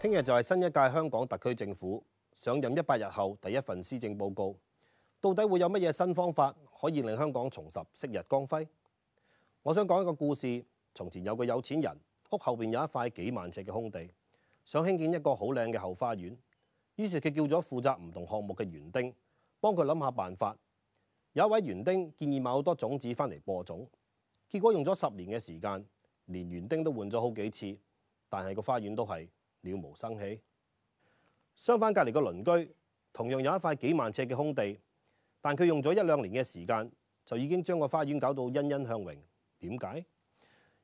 聽日就係新一屆香港特區政府上任一百日後第一份施政報告，到底會有乜嘢新方法可以令香港重拾昔日光輝？我想講一個故事：從前有個有錢人，屋後邊有一塊幾萬尺嘅空地，想興建一個好靚嘅後花園。於是佢叫咗負責唔同項目嘅園丁幫佢諗下辦法。有一位園丁建議買好多種子返嚟播種，結果用咗十年嘅時間，連園丁都換咗好幾次，但係個花園都係了無生氣。相反，隔離個鄰居同樣有一塊幾萬呎嘅空地，但佢用咗一兩年嘅時間，就已經將個花園搞到欣欣向榮。點解？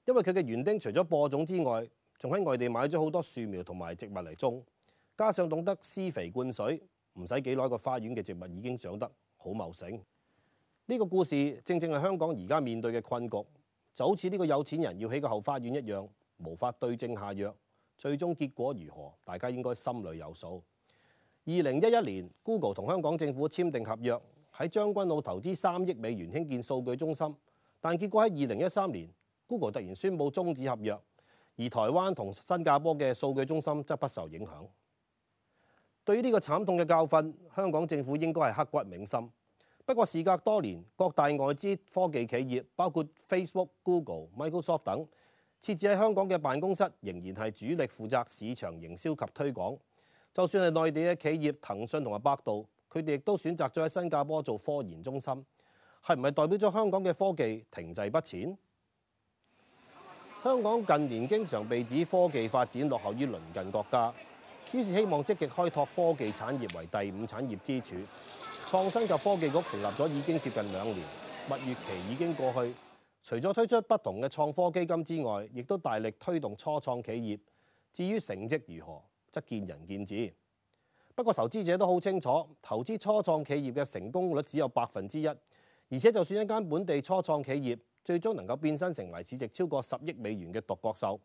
因為佢嘅園丁除咗播種之外，仲喺外地買咗好多樹苗同埋植物嚟種，加上懂得施肥灌水，唔使幾耐個花園嘅植物已經長得好茂盛。呢、呢個故事正正係香港而家面對嘅困局，就好似呢個有錢人要起個後花園一樣，無法對症下藥。最終結果如何，大家應該心裏有數。二零一一年，Google 同香港政府簽訂合約，喺將軍澳投資三億美元興建數據中心，但結果喺二零一三年，Google 突然宣佈終止合約，而台灣同新加坡嘅數據中心則不受影響。對於呢個慘痛嘅教訓，香港政府應該係刻骨銘心。不過事隔多年，各大外資科技企業，包括 Facebook、Google、Microsoft 等，設置喺香港嘅辦公室仍然係主力負責市場營銷及推廣，就算係內地嘅企業，騰訊同埋百度，佢哋亦都選擇咗喺新加坡做科研中心，係唔係代表咗香港嘅科技停滯不前？香港近年經常被指科技發展落後於鄰近國家，於是希望積極開拓科技產業為第五產業支柱，創新及科技局成立咗已經接近兩年，蜜月期已經過去。除咗推出不同嘅創科基金之外，亦都大力推動初創企業。至於成績如何，則見仁見智。不過投資者都好清楚，投資初創企業嘅成功率只有百分之一。而且就算一間本地初創企業最終能夠變身成為市值超過十億美元嘅獨角獸，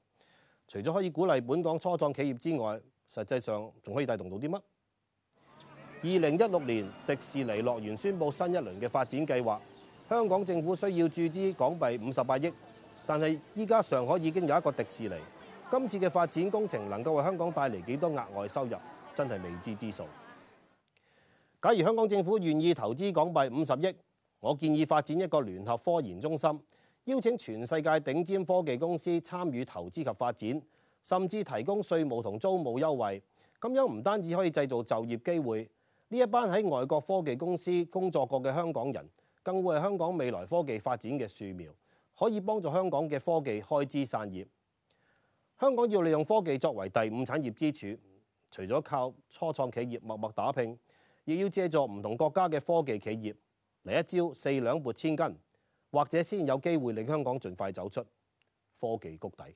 除咗可以鼓勵本港初創企業之外，實際上仲可以帶動到啲乜？二零一六年迪士尼樂園宣布新一輪嘅發展計劃。香港政府需要注資港幣五十八億，但係依家上海已經有一個迪士尼。今次嘅發展工程能夠為香港帶嚟幾多額外收入，真係未知之數。假如香港政府願意投資港幣五十億，我建議發展一個聯合科研中心，邀請全世界頂尖科技公司參與投資及發展，甚至提供稅務同租務優惠。咁樣唔單止可以製造就業機會，呢一班喺外國科技公司工作過嘅香港人，更會係香港未來科技發展嘅樹苗，可以幫助香港嘅科技開枝散葉。香港要利用科技作為第五產業支柱，除咗靠初創企業默默打拼，亦要借助唔同國家嘅科技企業嚟一招四兩撥千斤，或者先有機會令香港盡快走出科技谷底。